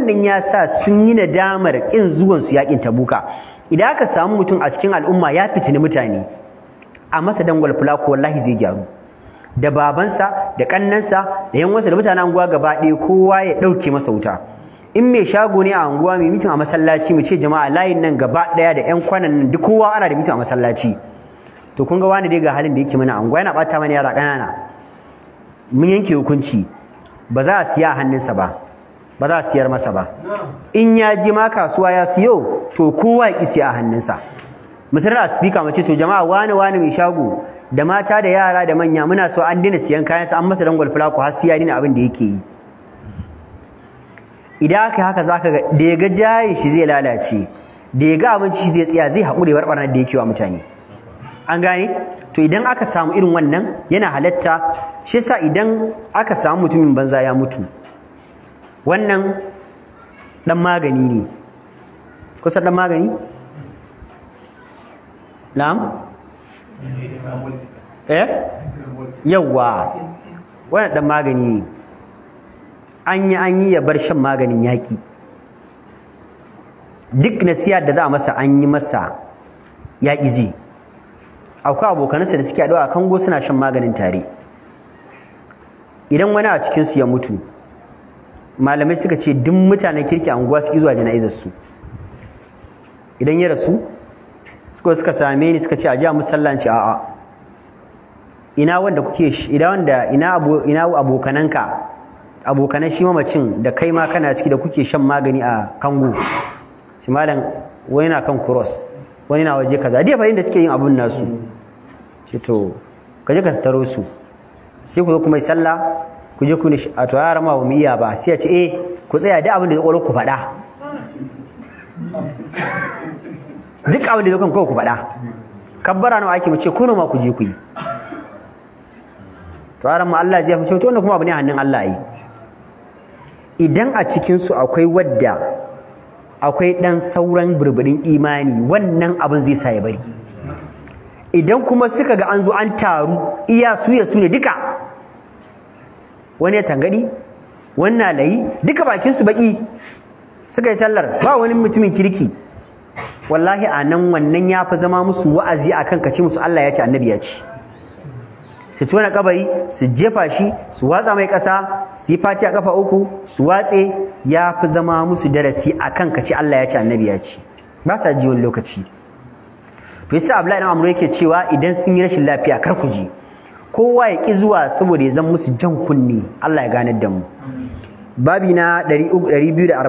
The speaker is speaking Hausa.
wannan ya sa sun yi nadamar ƙin zuwansu yaƙin tabuka idan aka samu mutum a cikin al'umma ya fitini mutane a masa dangwal fulako wallahi zai gyaru da babansa da ƙannansa da yanwansa da mutanen anguwa gaba ɗaya kowa ya ɗauke masa wuta in mai shago ne a anguwa mai mitin a masallaci mu ce jama'a layin nan gaba ɗaya da 'yan kwanan nan duk kowa ana da mitin a masallaci to kun ga wani dai ga halin da yake mana anguwa yana ɓata mana yara ƙanana mun yanke hukunci ba za a siya a hannunsa ba ba za a siyar masa ba in ya ji ma kasuwa ya siyo to kowa ya kisi a hannunsa misali a speaker mace to jama'a wani wani mai shago da mata da yara da manya muna so an dina siyan kayan sa an masa dangwal fulaku har siya dina abin da yake yi idan aka haka zaka ga da ya ga jayin shi zai lalace da ya ga abinci shi zai tsaya zai haƙuri barbarar da yake wa mutane an gane to idan aka samu irin wannan yana halatta shi yasa idan aka samu mutumin banza ya mutu wannan ɗan magani ne kusan ɗan magani? na'am? eh? yawwa wannan ɗan magani ne an yi an yi ya bar shan maganin yaƙi duk nasiya da za a masa an yi masa yaƙi ji akwai abokanansa da suke haɗuwa a kango suna shan maganin tare idan wani a cikinsu ya mutu malamai suka ce duk mutanen kirki a unguwa suke zuwa jana'izar su idan ya rasu suka suka same ni suka ce a musallanci a a a'a ina wanda kuke ina wanda ina ina abokananka abokanan shi mamacin da kai ma kana ciki da kuke shan magani a kango shi malam wani na kan cross wani na waje kaza dai fa'in da suke yin abun nasu ce to kaje ka taro su sai ku zo kuma yi sallah ku je ku ne a to yara ma mu iya ba sai ya ce eh ku tsaya da abin da ya ku faɗa duk abin da ya kwaro ku faɗa kabbara nawa ake mu ce kuno ma ku je ku yi to yaran ma Allah zai fice to wannan kuma abu ne hannun Allah yi idan a cikin su akwai wadda akwai dan sauran burburin imani wannan abin zai sa ya bari idan kuma suka ga an zo an taru iya su ya su ne duka wani ya tangadi wani na layi duka bakin su baki suka yi sallar ba wani mutumin kirki wallahi a nan wannan ya fi zama musu wa'azi akan kace musu Allah ya ce annabi ya ce su tona kabari su jefa shi su watsa mai ƙasa su yi fati a kafa uku su watse ya fi zama musu darasi akan kace Allah ya ce annabi ya ce ba sa ji wani lokaci to yasa Abdullahi ibn Amr yake cewa idan sun yi rashin lafiya kar ku je kowa ya ƙi zuwa saboda ya zan musu jan kunne Allah ya ganar da mu Babina na 240